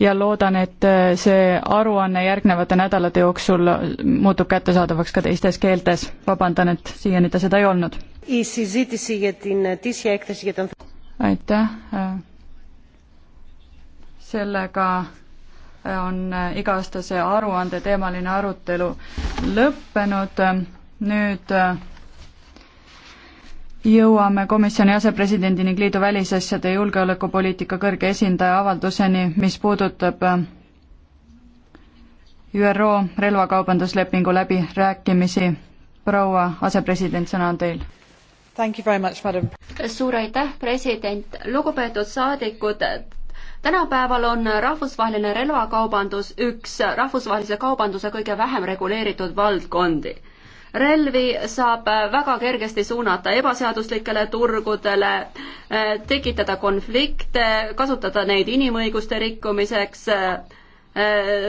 ja loodan, et äh, see aruanne järgnevate nädalate jooksul muutub kättesaadavaks ka teistes keeltes. vabandan, et siiani ta seda ei olnud. aitäh. Äh. sellega äh, on iga-aastase aruande teemaline arutelu lõppenud. nüüd jõuame komisjoni asepresidendi ning liidu välisasjade ja julgeolekupoliitika kõrge esindaja avalduseni, mis puudutab äh, ÜRO relvakaubanduslepingu läbirääkimisi. proua asepresident, sõna on teil suur aitäh, president, lugupeetud saadikud, tänapäeval on rahvusvaheline relvakaubandus üks rahvusvahelise kaubanduse kõige vähem reguleeritud valdkondi relvi saab väga kergesti suunata ebaseaduslikele turgudele, tekitada konflikte, kasutada neid inimõiguste rikkumiseks,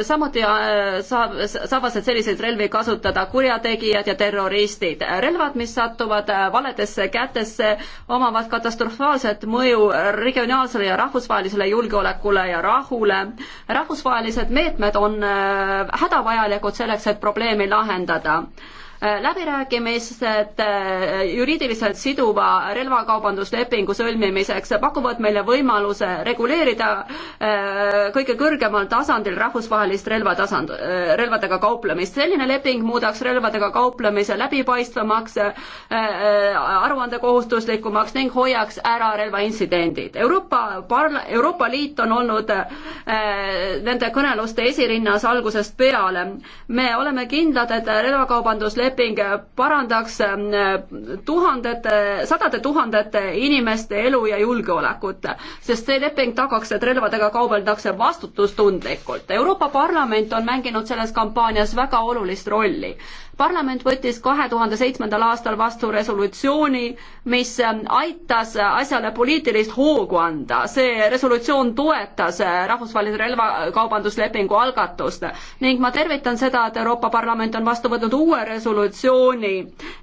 samuti äh, saab, saavad selliseid relvi kasutada kurjategijad ja terroristid. relvad, mis satuvad valedesse kätesse, omavad katastrofaalset mõju regionaalsele ja rahvusvahelisele julgeolekule ja rahule. rahvusvahelised meetmed on äh, hädavajalikud selleks, et probleemi lahendada Äh, läbirääkimised äh, juriidiliselt siduva relvakaubanduslepingu sõlmimiseks pakuvad meile võimaluse reguleerida äh, kõige kõrgemal tasandil rahvusvahelist relvatasand, relvadega kauplemist. selline leping muudaks relvadega kauplemise läbipaistvamaks, aruandekohustuslikumaks ning hoiaks ära relvaintsidendid. Euroopa parla-, Euroopa Liit on olnud nende kõneluste esirinnas algusest peale. me oleme kindlad, et relvakaubandusleping leping parandaks äh, tuhandete, sadade tuhandete inimeste elu ja julgeolekut, sest see leping tagaks, et relvadega kaubeldakse vastutustundlikult. Euroopa Parlament on mänginud selles kampaanias väga olulist rolli parlament võttis kahe tuhande seitsmendal aastal vastu resolutsiooni, mis aitas asjale poliitilist hoogu anda. see resolutsioon toetas rahvusvahelise relvakaubanduslepingu algatust ning ma tervitan seda, et Euroopa Parlament on vastu võtnud uue resolutsiooni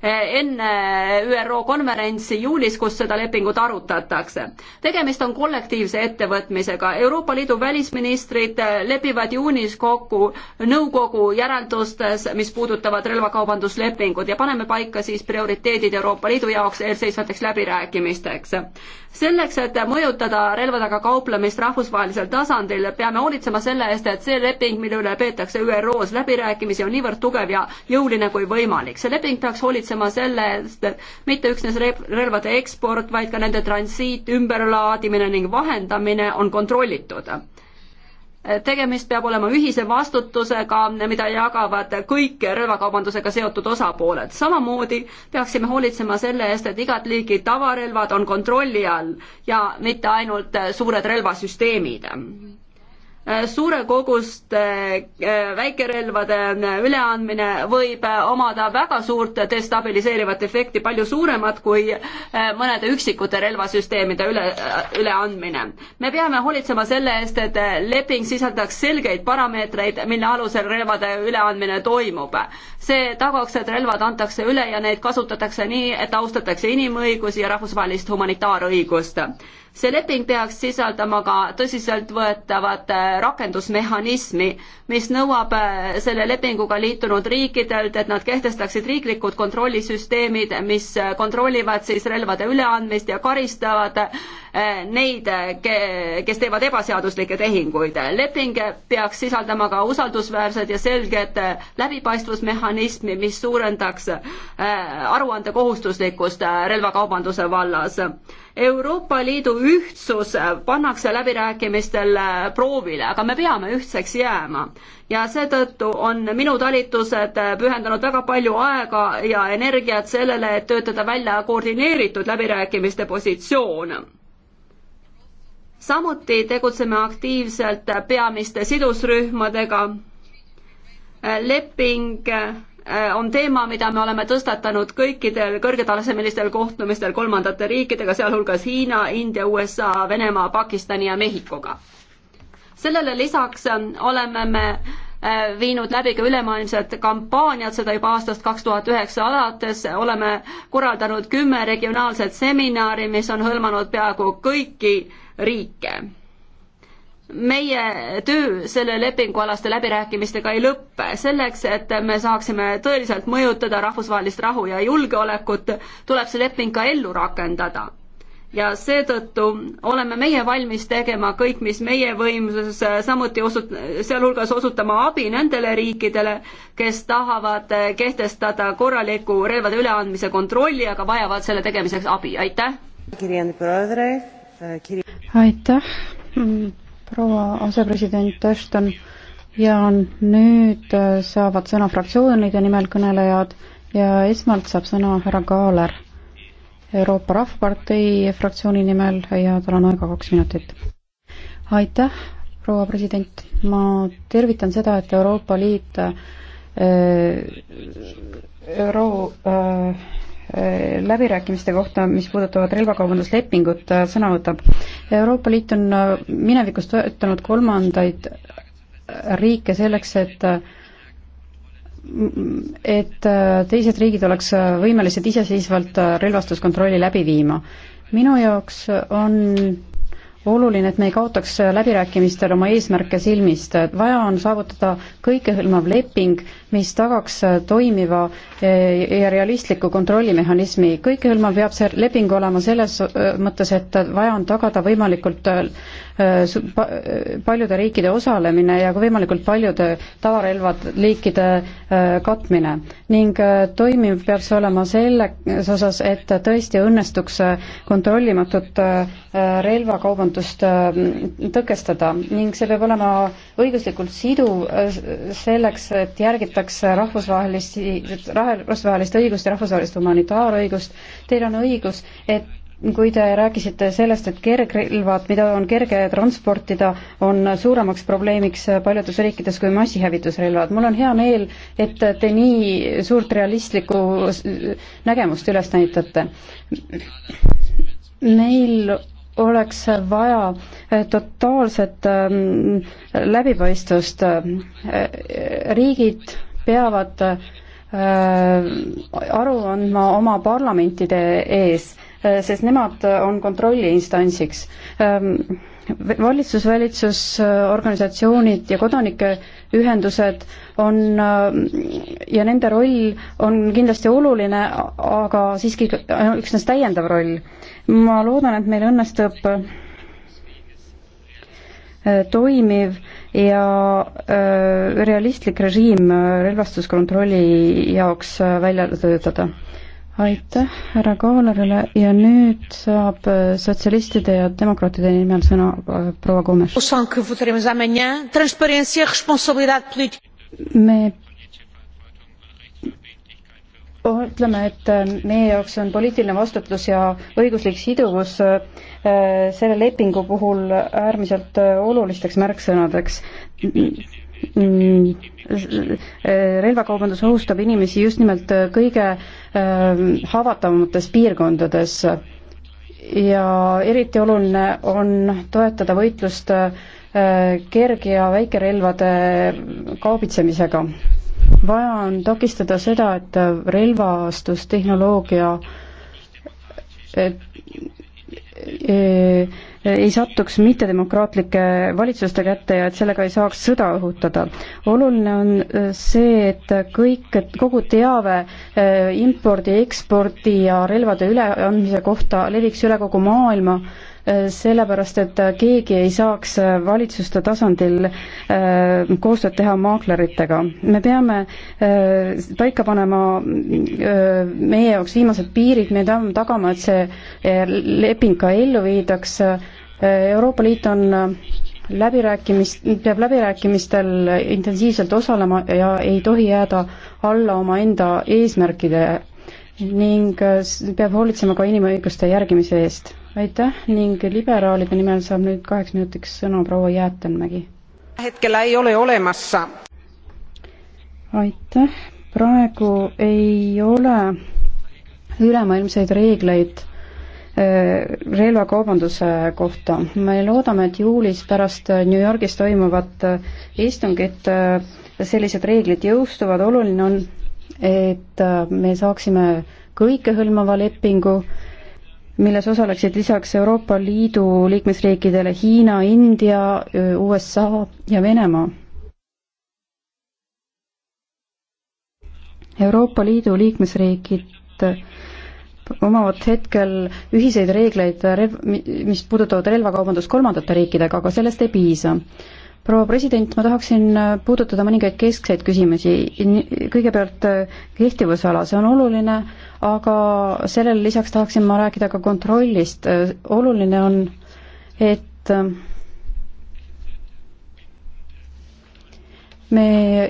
enne ÜRO konverentsi juulis, kus seda lepingut arutatakse. tegemist on kollektiivse ettevõtmisega. Euroopa Liidu välisministrid lepivad juunis kokku nõukogu järeldustes, mis puudutavad relva relvakaubanduslepingud ja paneme paika siis prioriteedid Euroopa Liidu jaoks eelseisvateks läbirääkimisteks. selleks, et mõjutada relvadega kauplemist rahvusvahelisel tasandil, peame hoolitsema selle eest, et see leping, mille üle peetakse ÜRO-s läbirääkimisi, on niivõrd tugev ja jõuline kui võimalik. see leping peaks hoolitsema selle eest, et mitte üksnes relvade eksport, vaid ka nende transiit, ümberlaadimine ning vahendamine on kontrollitud tegemist peab olema ühise vastutusega, mida jagavad kõik relvakaubandusega seotud osapooled. samamoodi peaksime hoolitsema selle eest, et igat liiki tavarelvad on kontrolli all ja mitte ainult suured relvasüsteemid Äh, suure koguste äh, väikerelvade äh, üleandmine võib omada väga suurt destabiliseerivat efekti, palju suuremat kui mõnede üksikute relvasüsteemide üle, üleandmine. me peame hoolitsema selle eest, et leping sisaldaks selgeid parameetreid, mille alusel relvade üleandmine toimub. see tagaks, et relvad antakse üle ja neid kasutatakse nii, et austatakse inimõigusi ja rahvusvahelist humanitaarõigust see leping peaks sisaldama ka tõsiseltvõetavat äh, rakendusmehhanismi, mis nõuab äh, selle lepinguga liitunud riikidelt, et nad kehtestaksid riiklikud kontrollisüsteemid, mis äh, kontrollivad siis relvade üleandmist ja karistavad neid, kes teevad ebaseaduslikke tehinguid. leping peaks sisaldama ka usaldusväärset ja selget läbipaistvusmehhanismi, mis suurendaks aruande kohustuslikkust relvakaubanduse vallas. Euroopa Liidu ühtsus pannakse läbirääkimistel proovile, aga me peame ühtseks jääma. ja seetõttu on minu talitused pühendanud väga palju aega ja energiat sellele, et töötada välja koordineeritud läbirääkimiste positsioon samuti tegutseme aktiivselt peamiste sidusrühmadega. leping Äh, on teema, mida me oleme tõstatanud kõikidel kõrgetasemelistel kohtumistel kolmandate riikidega, sealhulgas Hiina, India, USA, Venemaa, Pakistani ja Mehhikoga. sellele lisaks ähm, oleme me äh, viinud läbi ka ülemaailmsed kampaaniad, seda juba aastast kaks tuhat üheksa alates, oleme korraldanud kümme regionaalset seminari, mis on hõlmanud peaaegu kõiki riike meie töö selle lepingualaste läbirääkimistega ei lõppe. selleks, et me saaksime tõeliselt mõjutada rahvusvahelist rahu ja julgeolekut, tuleb see leping ka ellu rakendada. ja seetõttu oleme meie valmis tegema kõik, mis meie võimuses, samuti osut-, sealhulgas osutama abi nendele riikidele, kes tahavad kehtestada korraliku relvade üleandmise kontrolli, aga vajavad selle tegemiseks abi, aitäh! Äh, aitäh! proua asepresident Ashton ja nüüd äh, saavad sõna fraktsioonide nimel kõnelejad ja esmalt saab sõna härra Kaaler Euroopa Rahvapartei fraktsiooni nimel ja tal on aega kaks minutit. aitäh, proua president, ma tervitan seda, et Euroopa Liit äh, euro äh, läbirääkimiste kohta, mis puudutavad relvakaubanduslepingut, äh, sõna võtab. Euroopa Liit on äh, minevikus toetanud kolmandaid äh, riike selleks, et et teised riigid oleks võimelised iseseisvalt relvastuskontrolli läbi viima. minu jaoks on oluline, et me ei kaotaks läbirääkimistel oma eesmärke silmist, vaja on saavutada kõikehõlmav leping, mis tagaks äh, toimiva äh, ja realistliku kontrollimehhanismi. kõikehõlmav peab see leping olema selles äh, mõttes, et vaja on tagada võimalikult paljude riikide osalemine ja ka võimalikult paljude tavarelvad liikide katmine. ning toimiv peab see olema selles osas, et tõesti õnnestuks kontrollimatut relvakaubandust tõkestada ning see peab olema õiguslikult siduv selleks, et järgita austaks rahvusvahelist, rahvusvahelist õigust ja rahvusvahelist humanitaarõigust. Teil on õigus, et kui te rääkisite sellest, et kergrelvad, mida on kerge transportida, on suuremaks probleemiks paljudes riikides kui massihävitusrelvad. mul on hea meel, et te nii suurt realistlikku nägemust üles näitate. meil oleks vaja totaalset ähm, läbipaistvust. Äh, äh, riigid peavad äh, aru andma oma parlamentide ees, äh, sest nemad on kontrolliinstantsiks ähm, valitsusvalitsusorganisatsioonid ja kodanikeühendused on äh, ja nende roll on kindlasti oluline, aga siiski üksnes täiendav roll. ma loodan, et meil õnnestub Äh, toimiv ja äh, realistlik režiim äh, relvastuskontrolli jaoks välja töötada. aitäh härra Kaalerile ja nüüd saab sotsialistide ja demokraatide nimel sõna proua Gomes. me ütleme, et meie jaoks on poliitiline vastutus ja õiguslik siduvus äh, selle lepingu puhul äärmiselt olulisteks märksõnadeks relvakaubandus ohustab inimesi just nimelt kõige ähm, haavatavamates piirkondades ja eriti oluline on toetada võitlust äh, kerg- ja väikerelvade kaubitsemisega. vaja on takistada seda, et relvastustehnoloogia, et Äh, ei satuks mittedemokraatlike valitsuste kätte ja et sellega ei saaks sõda õhutada. oluline on äh, see, et kõik, kogu teave äh, impordi, ekspordi ja relvade üleandmise kohta leviks üle kogu maailma Äh, sellepärast et äh, keegi ei saaks äh, valitsuste tasandil koostööd teha maakleritega. me peame paika panema meie jaoks viimased piirid, me peame tagama, et see leping ka ellu viidaks. Euroopa Liit on läbirääkimist, peab läbirääkimistel intensiivselt osalema ja ei tohi jääda alla omaenda eesmärkide ning äh, peab hoolitsema ka inimõiguste järgimise eest. aitäh ning liberaalide nimel saab nüüd kaheks minutiks sõna proua Jäätenmägi. hetkel ei ole olemas. aitäh, praegu ei ole ülemaailmseid reegleid äh, relvakaubanduse kohta. me loodame, et juulis pärast äh, New Yorgis toimuvat istungit sellised reeglid jõustuvad, oluline on, et äh, me saaksime kõikehõlmava lepingu, milles osaleksid lisaks Euroopa Liidu liikmesriikidele Hiina, India, USA ja Venemaa. Euroopa Liidu liikmesriigid äh, omavad hetkel ühiseid reegleid, mis puudutavad relvakaubandust kolmandate riikidega, aga sellest ei piisa proua president, ma tahaksin äh, puudutada mõningaid keskseid küsimusi. kõigepealt äh, kehtivusala, see on oluline, aga sellele lisaks tahaksin ma rääkida ka kontrollist. Äh, oluline on, et me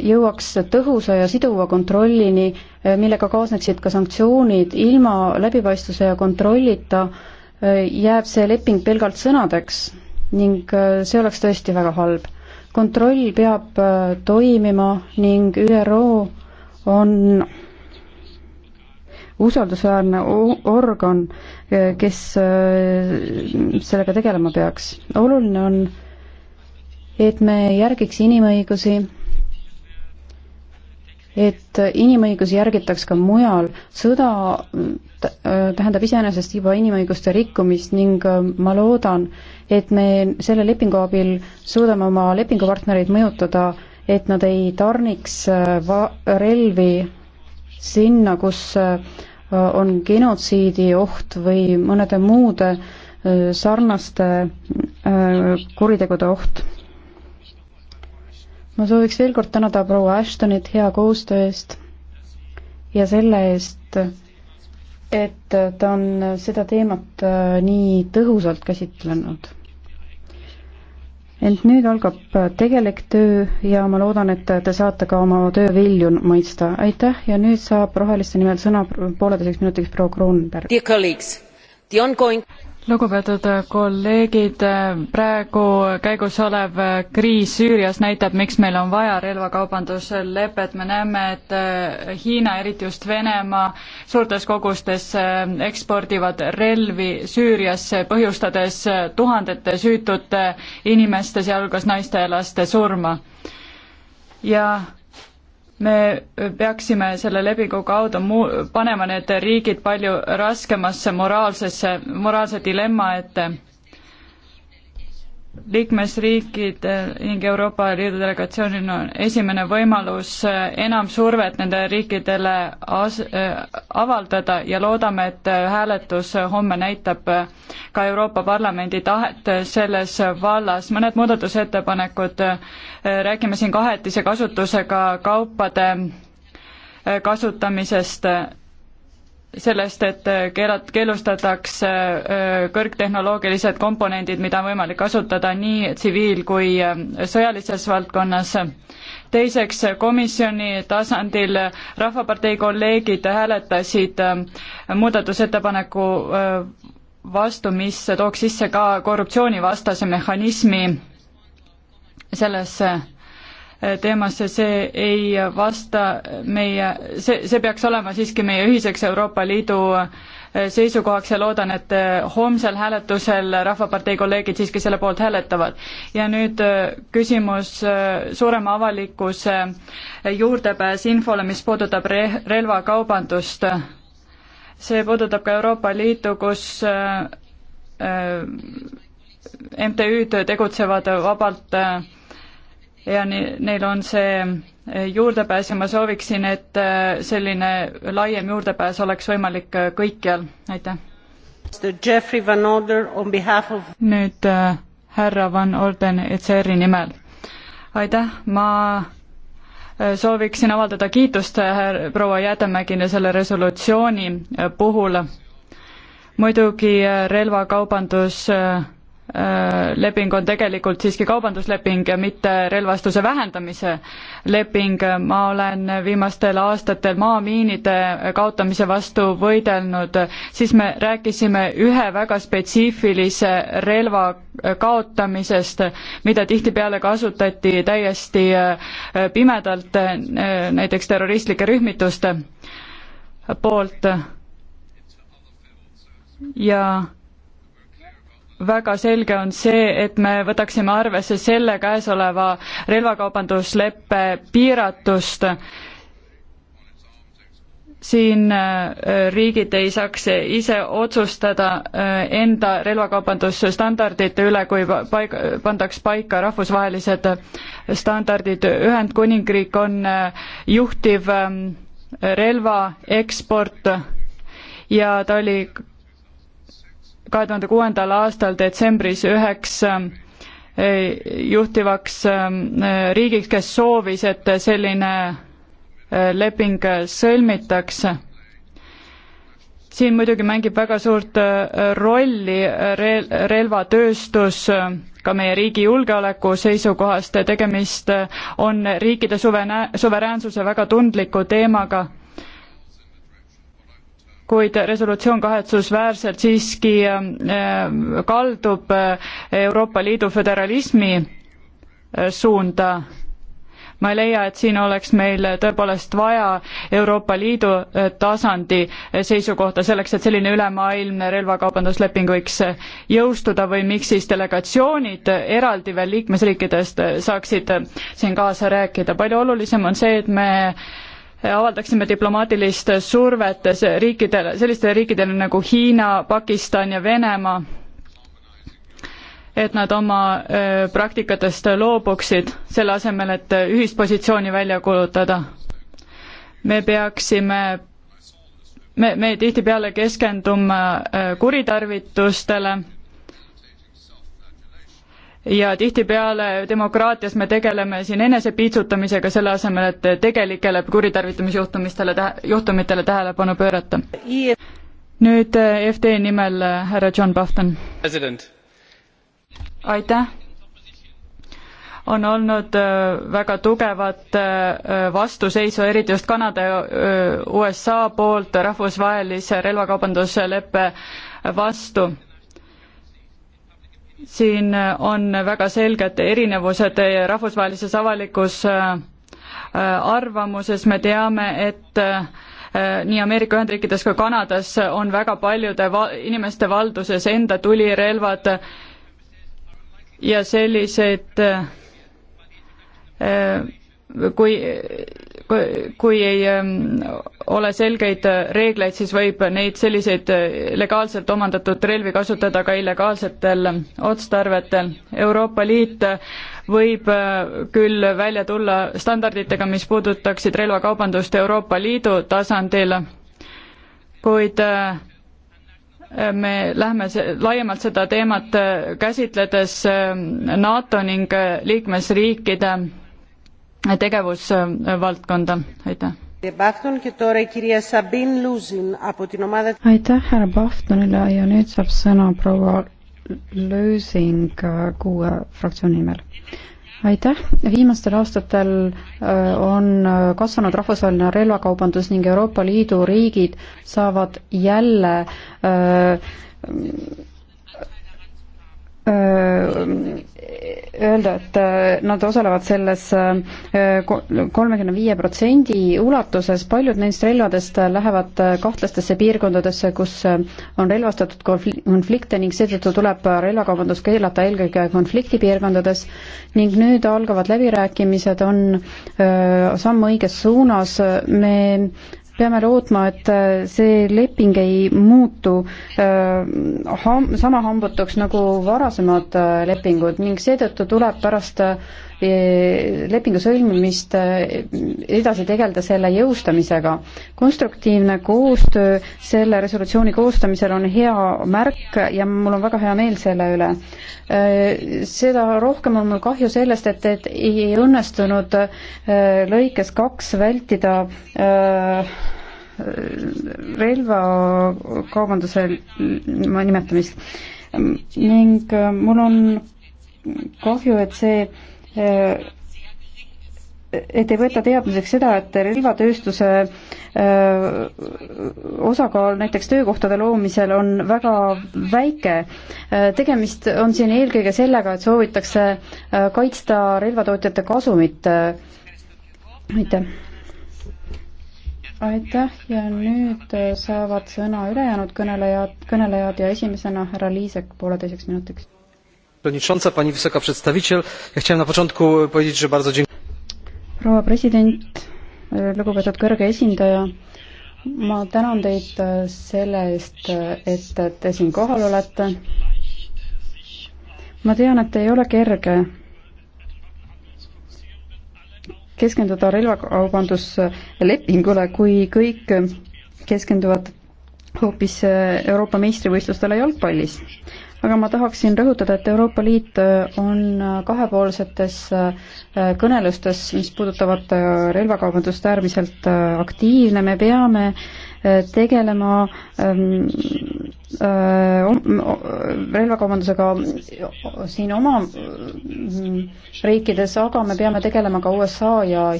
jõuaks tõhusa ja siduva kontrollini, millega kaasneksid ka sanktsioonid, ilma läbipaistvuse ja kontrollita jääb see leping pelgalt sõnadeks ning see oleks tõesti väga halb kontroll peab äh, toimima ning ÜRO on usaldusväärne organ, äh, kes äh, sellega tegelema peaks. oluline on, et me järgiks inimõigusi et inimõigusi järgitaks ka mujal. sõda äh, tähendab iseenesest juba inimõiguste rikkumist ning äh, ma loodan, et me selle lepingu abil suudame oma lepingupartnereid mõjutada, et nad ei tarniks äh, va-, relvi sinna, kus on genotsiidi oht või mõnede muude sarnaste kuritegude oht ma sooviks veel kord tänada proua Ashtonit hea koostöö eest ja selle eest, et ta on seda teemat äh, nii tõhusalt käsitlenud. ent nüüd algab äh, tegelik töö ja ma loodan, et te saate ka oma töö vilju mõista. aitäh ja nüüd saab Roheliste nimel sõna pooleteiseks minutiks proua Kroonberg lugupeetud kolleegid, praegu käigus olev kriis Süürias näitab, miks meil on vaja relvakaubanduslepet, me näeme, et äh, Hiina, eriti just Venemaa, suurtes kogustes äh, ekspordivad relvi Süüriasse, põhjustades äh, tuhandete süütute inimeste, sealhulgas naiste ja laste surma. ja me peaksime selle lepingu kaudu muu-, panema need riigid palju raskemasse moraalsesse, moraalse dilemma ette liikmesriikidel ning Euroopa Liidu delegatsioonil on esimene võimalus eh, enam survet nendele riikidele as-, eh, avaldada ja loodame, et eh, hääletus homme näitab ka Euroopa Parlamendi tahet selles vallas. mõned muudatusettepanekud, räägime siin kahetise kasutusega kaupade kasutamisest sellest, et keelat-, keelustatakse kõrgtehnoloogilised komponendid, mida on võimalik kasutada nii tsiviil- kui sõjalises valdkonnas. teiseks, komisjoni tasandil Rahvapartei kolleegid hääletasid muudatusettepaneku vastu, mis tooks sisse ka korruptsioonivastase mehhanismi sellesse teemasse, see ei vasta meie, see, see peaks olema siiski meie ühiseks Euroopa Liidu äh, seisukohaks ja loodan, et äh, homsel hääletusel Rahvapartei kolleegid siiski selle poolt hääletavad. ja nüüd äh, küsimus suurema avalikkuse juurdepääs infole, mis puudutab re-, relvakaubandust. see puudutab ka Euroopa Liitu, kus MTÜ-d tegutsevad vabalt äh, ja ni-, neil on see eh, juurdepääs ja ma sooviksin, et eh, selline laiem juurdepääs oleks võimalik eh, kõikjal, aitäh. Of... nüüd äh, härra Van Orden ECR-i nimel. aitäh, ma sooviksin avaldada kiitust proua Jäätemägile selle resolutsiooni puhul. muidugi relvakaubandus äh, Äh, leping on tegelikult siiski kaubandusleping ja mitte relvastuse vähendamise leping. ma olen viimastel aastatel maamiinide kaotamise vastu võidelnud, siis me rääkisime ühe väga spetsiifilise relva kaotamisest, mida tihtipeale kasutati täiesti äh, pimedalt äh, näiteks terroristlike rühmituste poolt ja väga selge on see, et me võtaksime arvesse selle käesoleva relvakaubandusleppe piiratust. siin äh, riigid ei saaks ise otsustada äh, enda relvakaubandusstandardite üle, kui paik-, pandaks paika rahvusvahelised standardid, Ühendkuningriik on äh, juhtiv ähm, relvaeksport ja ta oli kahe tuhande kuuendal aastal detsembris üheks eh, juhtivaks eh, riigiks, kes soovis, et selline eh, leping sõlmitakse. siin muidugi mängib väga suurt rolli rel-, relvatööstus ka meie riigi julgeoleku seisukohast, tegemist on riikide suverä-, suveräänsuse väga tundliku teemaga kuid resolutsioon kahetsusväärselt siiski äh, kaldub äh, Euroopa Liidu föderalismi äh, suunda. ma ei leia, et siin oleks meil tõepoolest vaja Euroopa Liidu tasandi seisukohta selleks, et selline ülemaailmne relvakaubandusleping võiks jõustuda või miks siis delegatsioonid eraldi veel liikmesriikidest saaksid siin kaasa rääkida. palju olulisem on see, et me avaldaksime diplomaatilist survet riikidele, sellistele riikidele nagu Hiina, Pakistan ja Venemaa, et nad oma praktikatest loobuksid, selle asemel, et ühist positsiooni välja kuulutada. me peaksime, me, me tihtipeale keskendume kuritarvitustele ja tihtipeale demokraatias me tegeleme siin enesepiitsutamisega, selle asemel, et tegelikele kuritarvitamisjuhtumistele tähe-, juhtumitele tähelepanu pöörata. nüüd eh, FD nimel eh, härra John Bafton. aitäh! on olnud eh, väga tugevat vastuseisu, eriti just Kanada ja USA poolt rahvusvahelise relvakaubandusleppe vastu siin on väga selged erinevused rahvusvahelises avalikus äh, äh, arvamuses, me teame, et äh, nii Ameerika Ühendriikides kui Kanadas on väga paljude va-, inimeste valduses enda tulirelvad ja selliseid äh, kui, kui ei ähm, ole selgeid äh, reegleid, siis võib neid selliseid äh, legaalselt omandatud relvi kasutada ka illegaalsetel ähm, otstarvetel. Euroopa Liit äh, võib küll välja tulla standarditega, mis puudutaksid relvakaubandust Euroopa Liidu tasandil, kuid me lähme laiemalt seda teemat käsitledes ähm, NATO ning liikmesriikide tegevusvaldkonda, aitäh. aitäh härra Pahvtonile ja nüüd saab sõna proua Lösing äh, kuue fraktsiooni nimel aitäh, viimastel aastatel äh, on äh, kasvanud rahvusvaheline relvakaubandus ning Euroopa Liidu riigid saavad jälle äh, öelda, et nad osalevad selles kolmekümne viie protsendi ulatuses, paljud neist relvadest lähevad kahtlastesse piirkondadesse, kus on relvastatud konflikte ning seetõttu tuleb relvakaubandus keelata eelkõige konfliktipiirkondades ning nüüd algavad läbirääkimised, on samm õiges suunas, me peame lootma, et äh, see leping ei muutu äh, ham-, sama hambutuks nagu varasemad äh, lepingud ning seetõttu tuleb pärast E, lepingu sõlmimist e, edasi tegeleda selle jõustamisega. konstruktiivne koostöö selle resolutsiooni koostamisel on hea märk ja mul on väga hea meel selle üle. E, seda rohkem on mul kahju sellest, et, et ei õnnestunud lõikes kaks vältida relvakaubanduse nimetamist ning mul on kahju, et see et ei võeta teadmiseks seda, et relvatööstuse äh, osakaal näiteks töökohtade loomisel on väga väike. Äh, tegemist on siin eelkõige sellega, et soovitakse äh, kaitsta relvatootjate kasumit. aitäh. aitäh ja nüüd saavad sõna ülejäänud kõnelejad, kõnelejad ja esimesena härra Liisek pooleteiseks minutiks przewodnicząca! pani wysoka przedstawiciel! chciałem na początku powiedzieć że bardzo dziękuję proua president lugupeetud kõrge esindaja ma tänan teid selle eest et te siin kohal olete ma tean et ei ole kerge keskenduda relvakaubanduslepingule kui kõik keskenduvad hoopis Euroopa meistrivõistlustele jalgpallis aga ma tahaksin rõhutada, et Euroopa Liit äh, on äh, kahepoolsetes äh, kõnelustes, mis puudutavad relvakaubandust, äärmiselt aktiivne, me peame tegelema ähm, relvakaubandusega siin oma mm, riikides, aga me peame tegelema ka USA ja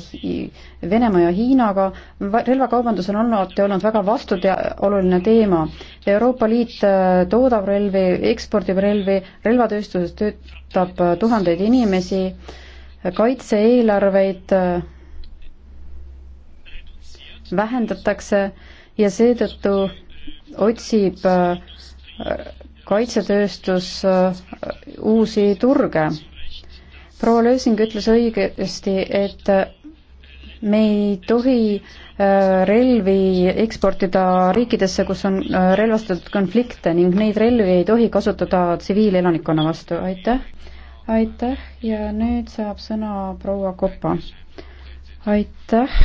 Venemaa ja Hiinaga. relvakaubandus on alati olnud väga vastuoluline teema. Euroopa Liit toodab relvi, ekspordib relvi, relvatööstuses töötab tuhandeid inimesi, kaitse-eelarveid vähendatakse ja seetõttu otsib äh, kaitsetööstus äh, uusi turge. proua Lösing ütles õigesti, et me ei tohi äh, relvi eksportida riikidesse, kus on relvastatud konflikte ning neid relvi ei tohi kasutada tsiviilelanikkonna vastu, aitäh. aitäh ja nüüd saab sõna proua Kopa. aitäh,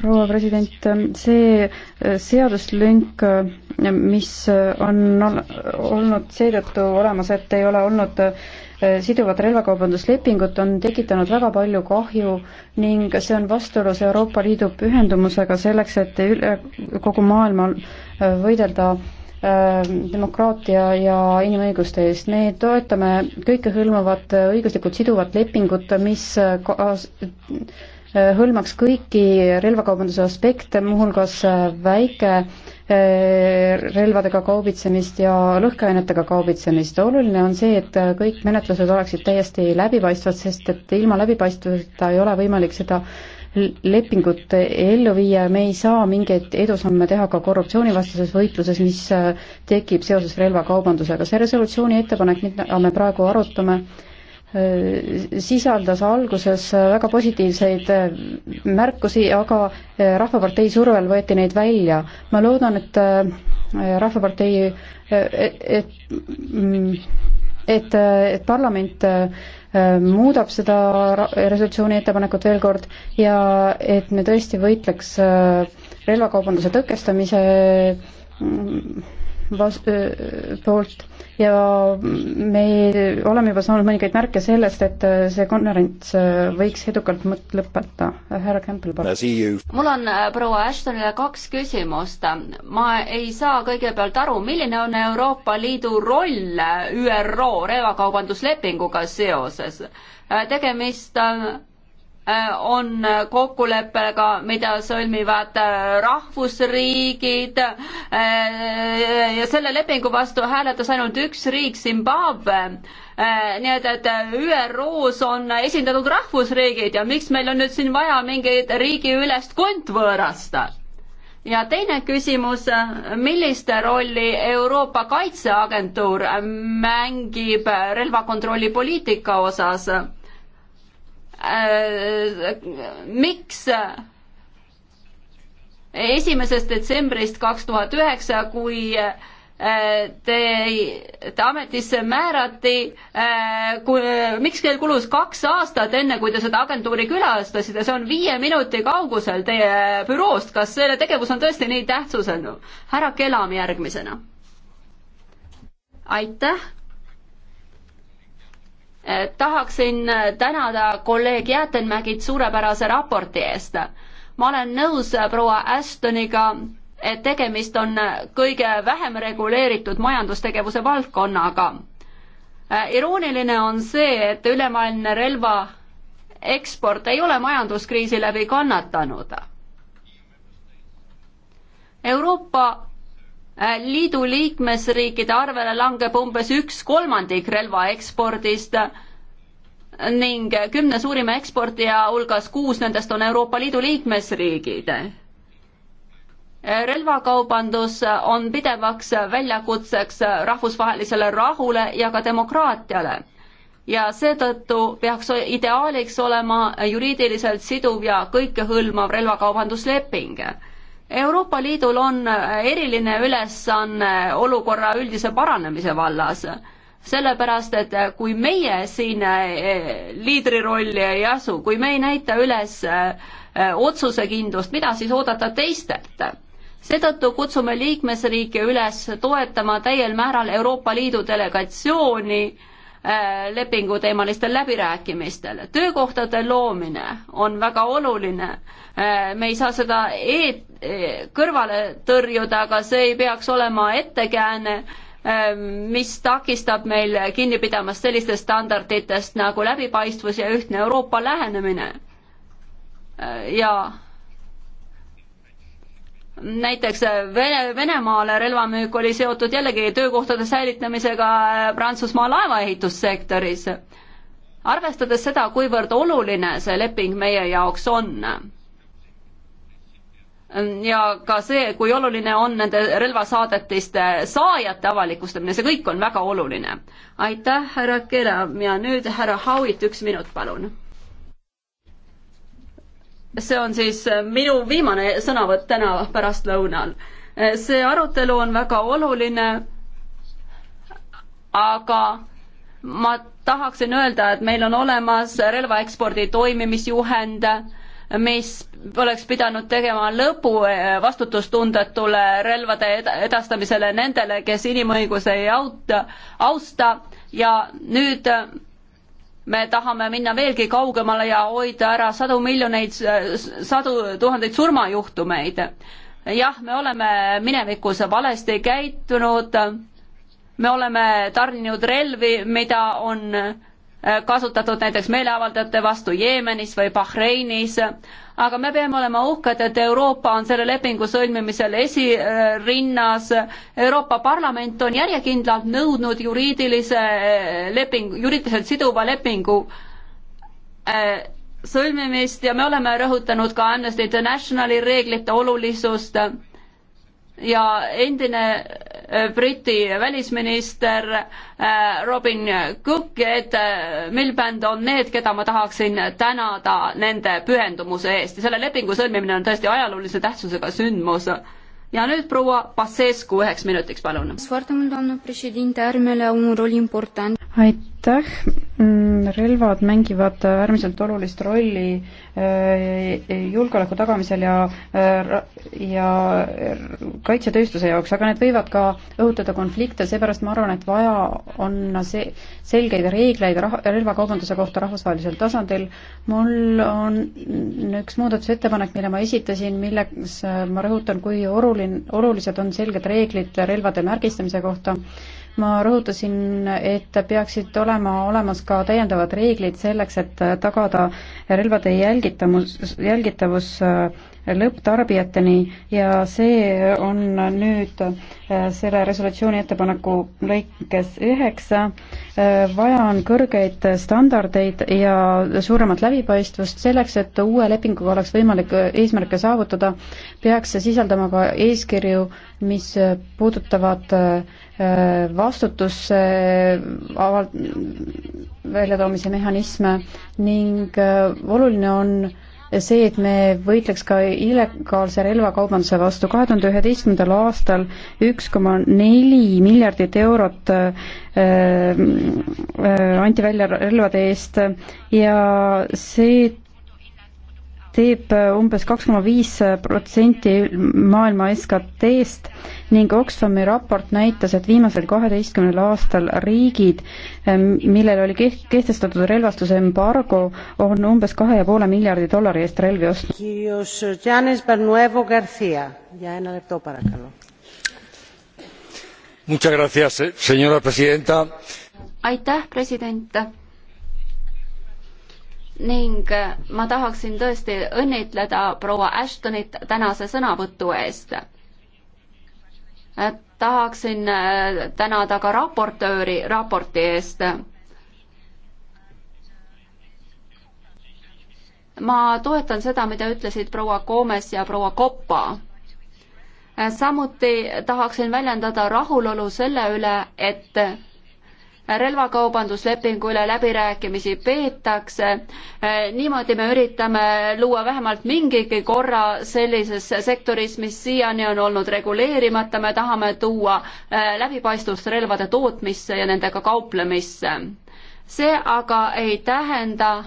proua president, see äh, seaduslünk, äh, mis äh, on olnud seetõttu olemas, et ei ole olnud siduvat relvakaubanduslepingut, on tekitanud väga palju kahju ning see on vastuolus Euroopa Liidu pühendumusega selleks, et üle kogu maailma võidelda demokraatia ja inimõiguste eest. me toetame kõikehõlmavat õiguslikult siduvat lepingut, mis kaas-, hõlmaks kõiki relvakaubanduse aspekte, muuhulgas väike eh, relvadega kaubitsemist ja lõhkeainetega kaubitsemist. oluline on see, et kõik menetlused oleksid täiesti läbipaistvad, sest et ilma läbipaistvuseta ei ole võimalik seda lepingut ellu viia ja me ei saa mingeid edusamme teha ka korruptsioonivastases võitluses, mis tekib seoses relvakaubandusega. see resolutsiooni ettepanek, mida me praegu arutame, Äh, sisaldas alguses äh, väga positiivseid äh, märkusi, aga Rahvapartei survel võeti neid välja. ma loodan, et Rahvapartei, et, mm, et, et, et parlament muudab seda resolutsiooni ettepanekut veel kord ja et me tõesti võitleks relvakaubanduse tõkestamise mm, vas-, poolt ja me oleme juba saanud mõningaid märke sellest, et see konverents võiks edukalt lõpeta. härra Campbell, palun. mul on proua Ashtonile kaks küsimust. ma ei saa kõigepealt aru, milline on Euroopa Liidu roll ÜRO relvakaubanduslepinguga seoses? tegemist on Äh, on kokkuleppega, mida sõlmivad äh, rahvusriigid äh, ja selle lepingu vastu hääletas ainult üks riik, Zimbabwe. nii et, et ÜRO-s on esindatud rahvusriigid ja miks meil on nüüd siin vaja mingeid riigiülest kont võõrasta? ja teine küsimus, millist rolli Euroopa Kaitseagentuur mängib relvakontrolli poliitika osas? Äh, miks esimesest detsembrist kaks tuhat üheksa, kui äh, te, te ametisse määrati, äh, kui, miks teil kulus kaks aastat, enne kui te seda agentuuri külastasite, see on viie minuti kaugusel teie büroost, kas selle tegevus on tõesti nii tähtsusenud? härra Kelam järgmisena. aitäh tahaksin tänada kolleeg Jäätenmägit suurepärase raporti eest. ma olen nõus proua Ashtoniga, et tegemist on kõige vähem reguleeritud majandustegevuse valdkonnaga. irooniline on see, et ülemaailmne relva eksport ei ole majanduskriisi läbi kannatanud. Euroopa Äh, liidu liikmesriikide arvele langeb umbes üks kolmandik relva ekspordist ning kümne suurima eksportija hulgas kuus nendest on Euroopa Liidu liikmesriigid. Äh, relvakaubandus on pidevaks väljakutseks rahvusvahelisele rahule ja ka demokraatiale ja seetõttu peaks ideaaliks olema juriidiliselt siduv ja kõikehõlmav relvakaubandusleping Euroopa Liidul on eriline ülesanne olukorra üldise paranemise vallas, sellepärast et kui meie siin eh, liidri rolli ei asu, kui me ei näita üles eh, otsusekindlust, mida siis oodata teistelt? seetõttu kutsume liikmesriike üles toetama täiel määral Euroopa Liidu delegatsiooni eh, lepinguteemalistel läbirääkimistel. töökohtade loomine on väga oluline. me ei saa seda eet-, kõrvale tõrjuda, aga see ei peaks olema ettekääne, ähm, mis takistab meil kinni pidamast sellistest standarditest nagu läbipaistvus ja ühtne Euroopa lähenemine. Äh, ja näiteks Vene, Venemaale relvamüük oli seotud jällegi töökohtade säilitamisega äh, Prantsusmaa laevaehitussektoris. arvestades seda, kuivõrd oluline see leping meie jaoks on ja ka see, kui oluline on nende relvasaadetiste saajate avalikustamine, see kõik on väga oluline. aitäh, härra Keram ja nüüd härra Howitt, üks minut, palun. see on siis minu viimane sõnavõtt täna pärastlõunal. see arutelu on väga oluline, aga ma tahaksin öelda, et meil on olemas relvaekspordi toimimisjuhend, mis oleks pidanud tegema lõpu eh, vastutustundetule relvade edastamisele nendele, kes inimõiguse ei auta, austa ja nüüd eh, me tahame minna veelgi kaugemale ja hoida ära sadu miljoneid, sadu tuhandeid surmajuhtumeid. jah, me oleme minevikus valesti käitunud, me oleme tarninud relvi, mida on eh, kasutatud näiteks meeleavaldajate vastu Jeemenis või Bahreinis, aga me peame olema uhked, et Euroopa on selle lepingu sõlmimisel esirinnas. Euroopa Parlament on järjekindlalt nõudnud juriidilise eh, leping, juriidiliselt siduva lepingu eh, sõlmimist ja me oleme rõhutanud ka Amnesty Internationali reeglite olulisust ja endine äh, Briti välisminister äh, Robin Cook ja Ed äh, Milband on need, keda ma tahaksin tänada nende pühendumuse eest ja selle lepingu sõlmimine on tõesti ajaloolise tähtsusega sündmus. ja nüüd proua Pasescu üheks minutiks, palun aitäh, mm, relvad mängivad äärmiselt olulist rolli äh, julgeoleku tagamisel ja, äh, ja kaitsetööstuse jaoks, aga need võivad ka õhutada konflikte, seepärast ma arvan, et vaja on see, selgeid reegleid rah-, relvakaubanduse kohta rahvusvahelisel tasandil. mul on üks muudatusettepanek, mille ma esitasin, milles äh, ma rõhutan, kui oluline, olulised on selged reeglid relvade märgistamise kohta ma rõhutasin, et peaksid olema olemas ka täiendavad reeglid selleks, et tagada relvade jälgitavus, jälgitavus äh, lõpptarbijateni ja see on nüüd äh, selle resolutsiooni ettepaneku lõikes üheksa. Äh, vaja on kõrgeid standardeid ja suuremat läbipaistvust selleks, et uue lepinguga oleks võimalik eesmärke saavutada, peaks see sisaldama ka eeskirju, mis puudutavad vastutusse aval-, väljatoomise mehhanisme ning äh, oluline on see, et me võitleks ka illegaalse relvakaubanduse vastu. kahe tuhande üheteistkümnendal aastal üks koma neli miljardit eurot äh, äh, anti välja relvade eest ja see teeb äh, umbes kaks koma viis protsenti maailma SKT-st ning Oxfami raport näitas, et viimasel kaheteistkümnel aastal riigid, ähm, millel oli kehtestatud relvastuse embargo, on umbes kahe ja poole miljardi dollari eest relvi ostnud. aitäh, president ning ma tahaksin tõesti õnnitleda proua Ashtonit tänase sõnavõtu eest. tahaksin äh, tänada ka raportööri raporti eest. ma toetan seda, mida ütlesid proua Koomes ja proua Koppa. samuti tahaksin väljendada rahulolu selle üle, et relvakaubanduslepingu üle läbirääkimisi peetakse. Eh, niimoodi me üritame luua vähemalt mingigi korra sellises sektoris, mis siiani on olnud reguleerimata, me tahame tuua eh, läbipaistvust relvade tootmisse ja nendega kauplemisse. see aga ei tähenda,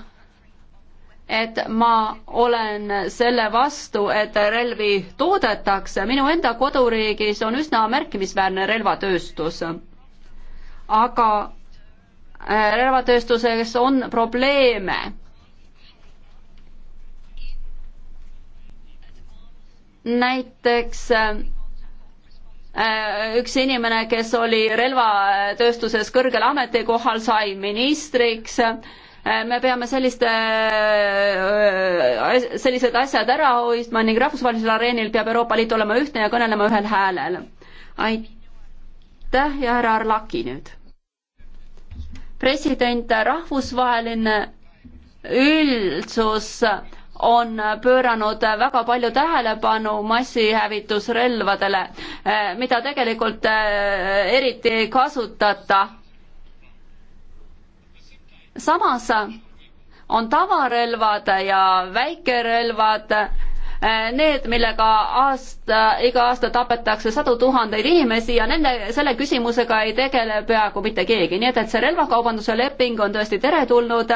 et ma olen selle vastu, et relvi toodetakse, minu enda koduriigis on üsna märkimisväärne relvatööstus aga äh, relvatööstuses on probleeme. näiteks äh, äh, üks inimene, kes oli relvatööstuses kõrgel ametikohal, sai ministriks. me peame selliste, sellised asjad ära hoidma ning rahvusvahelisel areenil peab Euroopa Liit olema ühtne ja kõnelema ühel häälel. aitäh ja härra Arlaki nüüd president, rahvusvaheline üldsus on pööranud väga palju tähelepanu massihävitusrelvadele, eh, mida tegelikult eh, eriti ei kasutata. samas on tavarelvad ja väikerelvad Äh, need, millega aasta, iga aasta tapetakse sadu tuhandeid inimesi ja nende, selle küsimusega ei tegele peaaegu mitte keegi, nii et, et see relvakaubanduse leping on tõesti teretulnud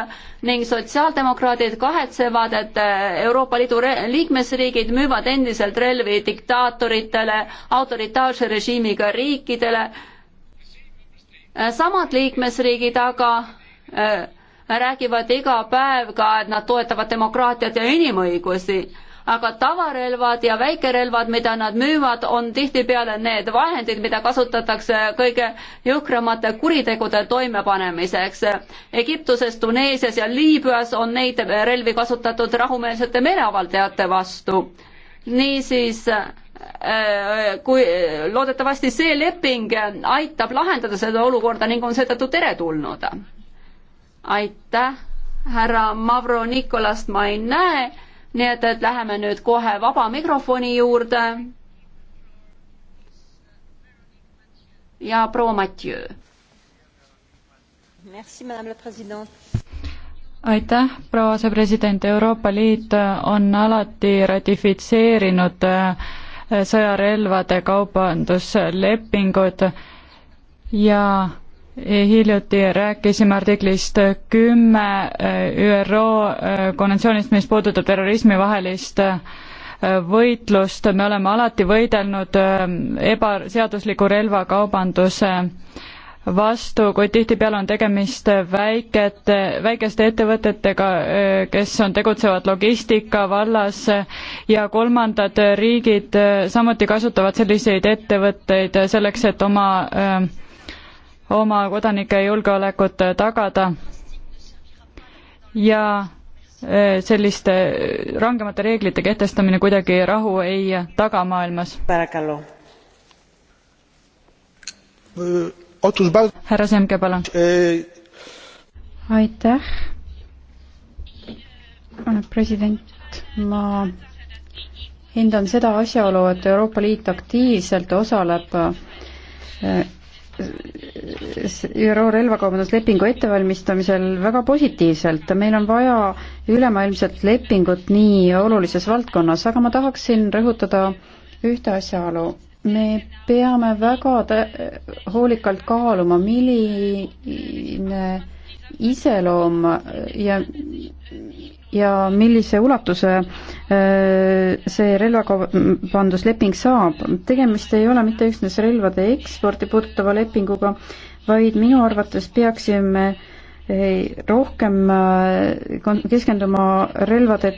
ning sotsiaaldemokraadid kahetsevad, et äh, Euroopa Liidu liikmesriigid müüvad endiselt relvi diktaatoritele, autoritaarse režiimiga riikidele, äh, samad liikmesriigid aga räägivad iga päev ka, et nad toetavad demokraatiat ja inimõigusi aga tavarelvad ja väikerelvad, mida nad müüvad, on tihtipeale need vahendid, mida kasutatakse kõige jõhkramate kuritegude toimepanemiseks. Egiptuses, Tuneesias ja Liibüas on neid relvi kasutatud rahumeelsete meeleavaldajate vastu. niisiis äh, kui loodetavasti see leping aitab lahendada seda olukorda ning on seetõttu teretulnud. aitäh, härra Mavro Nikolast ma ei näe nii et, et läheme nüüd kohe vaba mikrofoni juurde. ja proua Mathieu. aitäh, proua asepresident, Euroopa Liit on alati ratifitseerinud äh, sõjarelvade kaubanduslepingud ja Eh, hiljuti rääkisime artiklist kümme eh, ÜRO eh, konventsioonist, mis puudutab terrorismi vahelist võitlust, me oleme alati võidelnud ebaseadusliku relvakaubanduse vastu, kuid tihtipeale on tegemist väikete, väikeste ettevõtetega, kes on, tegutsevad logistika vallas ja kolmandad riigid samuti kasutavad selliseid ettevõtteid selleks, et oma äh, oma kodanike julgeolekut äh, tagada ja äh, selliste äh, rangemate reeglite kehtestamine kuidagi rahu ei taga maailmas. härra Semke, palun. aitäh, president, ma hindan seda asjaolu, et Euroopa Liit aktiivselt osaleb ÜRO relvakaubanduslepingu ettevalmistamisel väga positiivselt. meil on vaja ülemaailmset lepingut nii olulises valdkonnas, aga ma tahaksin rõhutada ühte asjaolu. me peame väga hoolikalt kaaluma, milline iseloom ja ja millise ulatuse äh, see relvakaubandusleping saab. tegemist ei ole mitte üksnes relvade eksporti puudutava lepinguga, vaid minu arvates peaksime äh, rohkem äh, keskenduma relvade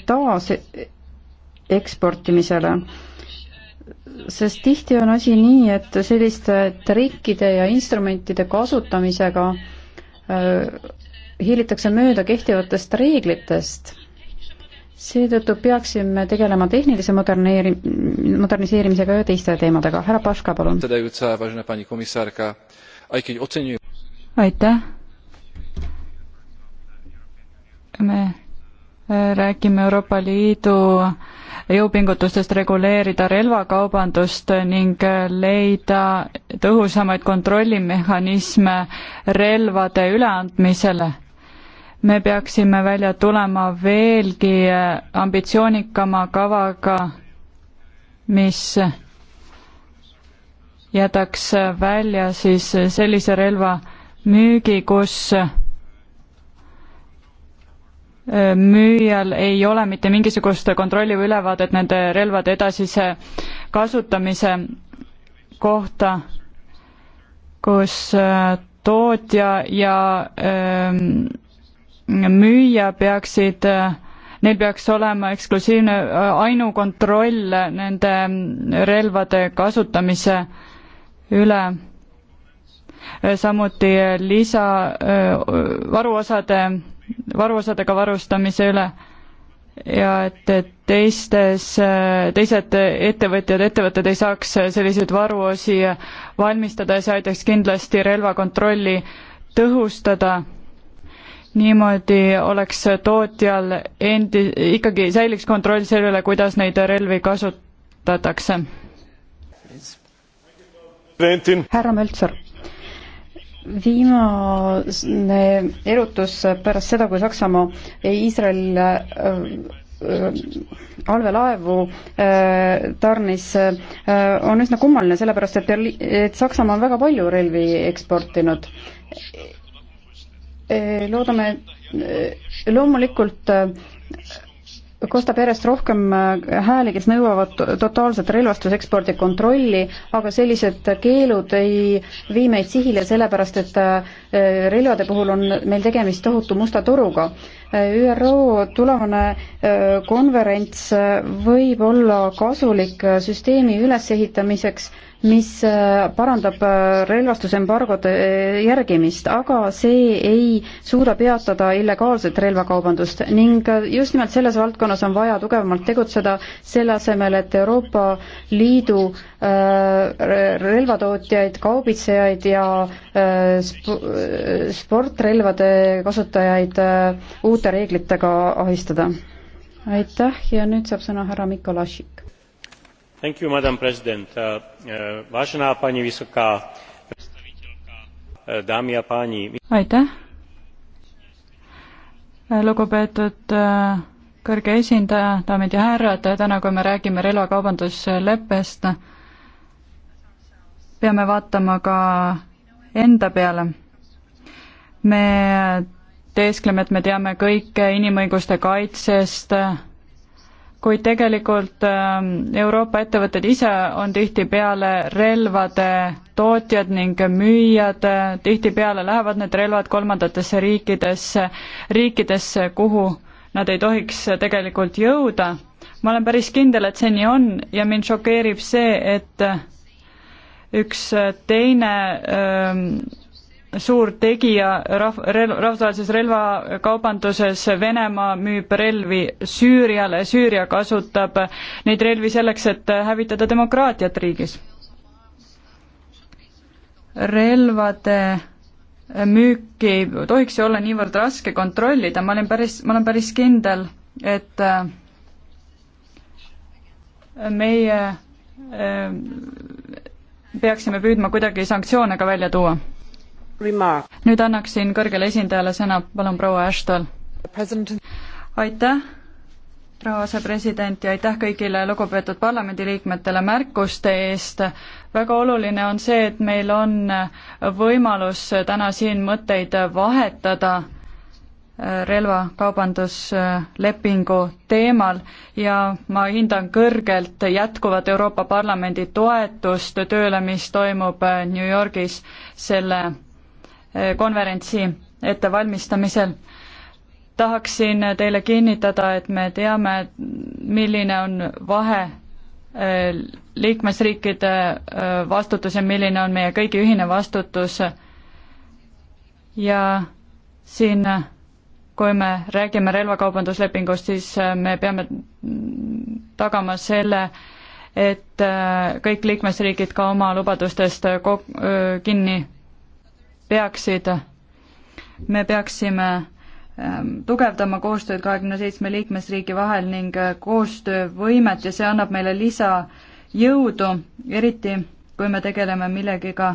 taaseksportimisele. sest tihti on asi nii, et selliste trikkide ja instrumentide kasutamisega hiilitakse mööda kehtivatest reeglitest. seetõttu peaksime tegelema tehnilise moderneeri-, moderniseerimisega ja teiste teemadega. härra Paška, palun. aitäh. me äh, räägime Euroopa Liidu jõupingutustest reguleerida relvakaubandust ning äh, leida tõhusamaid kontrollimehhanisme relvade üleandmisele me peaksime välja tulema veelgi ambitsioonikama kavaga, mis jätaks välja siis sellise relva müügi, kus äh, müüjal ei ole mitte mingisugust kontrolli või ülevaadet nende relvade edasise kasutamise kohta, kus äh, tootja ja öö, ähm, müüa peaksid, neil peaks olema eksklusiivne ainukontroll nende relvade kasutamise üle. samuti lisa varuosade, varuosadega varustamise üle ja et, et teistes, teised ettevõtjad, ettevõtted ei saaks selliseid varuosi valmistada ja see aitaks kindlasti relvakontrolli tõhustada niimoodi oleks tootjal endi-, ikkagi säiliks kontroll selle üle, kuidas neid relvi kasutatakse. härra Möltser viimane erutus pärast seda, kui Saksamaa Iisrael äh, äh, allveelaevu äh, tarnis on üsna kummaline, sellepärast et Berli-, et Saksamaa on väga palju relvi eksportinud Eh, loodame, eh, loomulikult eh, kostab järjest rohkem hääli, kes nõuavad totaalset relvastusekspordi kontrolli, aga sellised keelud ei vii meid sihile, sellepärast et relvade puhul on meil tegemist tohutu musta turuga. ÜRO tulevane konverents võib olla kasulik süsteemi ülesehitamiseks mis äh, parandab äh, relvastusembargode äh, järgimist, aga see ei suuda peatada illegaalset relvakaubandust ning just nimelt selles valdkonnas on vaja tugevamalt tegutseda, selle asemel, et Euroopa Liidu relvatootjaid, kaubitsejaid ja sp-, sportrelvade kasutajaid uute reeglitega ahistada. aitäh ja nüüd saab sõna härra Mikolašik You, uh, uh, vážená pani vysoká predstaviteľka uh, dámy a páni aitäh lugupeetud kõrge esindaja daamid ja härrad täna kui me räägime relvakaubandusleppest peame vaatama ka enda peale me teeskleme et me teame kõike inimõiguste kaitsest kuid tegelikult ähm, Euroopa ettevõtted ise on tihtipeale relvade tootjad ning müüjad, äh, tihtipeale lähevad need relvad kolmandatesse riikidesse, riikidesse, kuhu nad ei tohiks äh, tegelikult jõuda. ma olen päris kindel, et see nii on ja mind šokeerib see, et äh, üks teine öö, ähm, suur tegija rahv-, rel-, rahvusvahelises relvakaubanduses, Venemaa müüb relvi Süüriale, Süüria kasutab neid relvi selleks, et hävitada demokraatiat riigis. relvade müüki ei tohiks ju olla niivõrd raske kontrollida, ma olen päris, ma olen päris kindel, et äh, meie äh, peaksime püüdma kuidagi sanktsioone ka välja tuua nüüd annaksin kõrgele esindajale sõna, palun proua Ashton. aitäh, proua asepresident ja aitäh kõigile lugupeetud parlamendiliikmetele märkuste eest. väga oluline on see, et meil on võimalus täna siin mõtteid vahetada relvakaubanduslepingu teemal ja ma hindan kõrgelt jätkuvat Euroopa Parlamendi toetust tööle, mis toimub New Yorgis selle konverentsi ettevalmistamisel. tahaksin teile kinnitada, et me teame, milline on vahe eh, liikmesriikide eh, vastutus ja milline on meie kõigi ühine vastutus. ja siin, kui me räägime relvakaubanduslepingust, siis eh, me peame tagama selle, et kõik liikmesriigid ka oma lubadustest kok-, kinni peaksid, me peaksime ähm, tugevdama koostööd kahekümne seitsme liikmesriigi vahel ning äh, koostöövõimet ja see annab meile lisajõudu, eriti kui me tegeleme millegiga,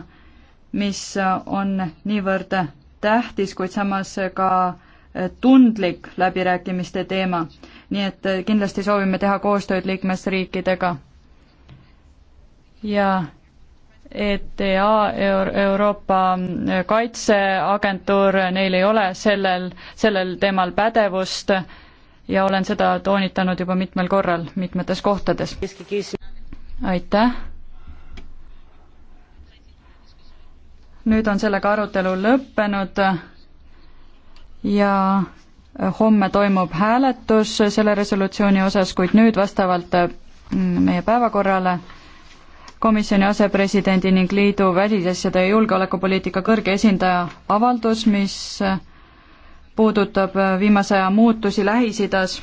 mis äh, on niivõrd tähtis, kuid samas ka äh, tundlik läbirääkimiste teema. nii et kindlasti soovime teha koostööd liikmesriikidega. ja ETA Euro, Euroopa Kaitseagentuur, neil ei ole sellel, sellel teemal pädevust ja olen seda toonitanud juba mitmel korral mitmetes kohtades. aitäh. nüüd on sellega arutelu lõppenud ja homme toimub hääletus selle resolutsiooni osas, kuid nüüd vastavalt mm, meie päevakorrale komisjoni asepresidendi ning liidu välisasjade ja julgeolekupoliitika kõrge esindaja avaldus, mis puudutab viimase aja muutusi Lähis-Idas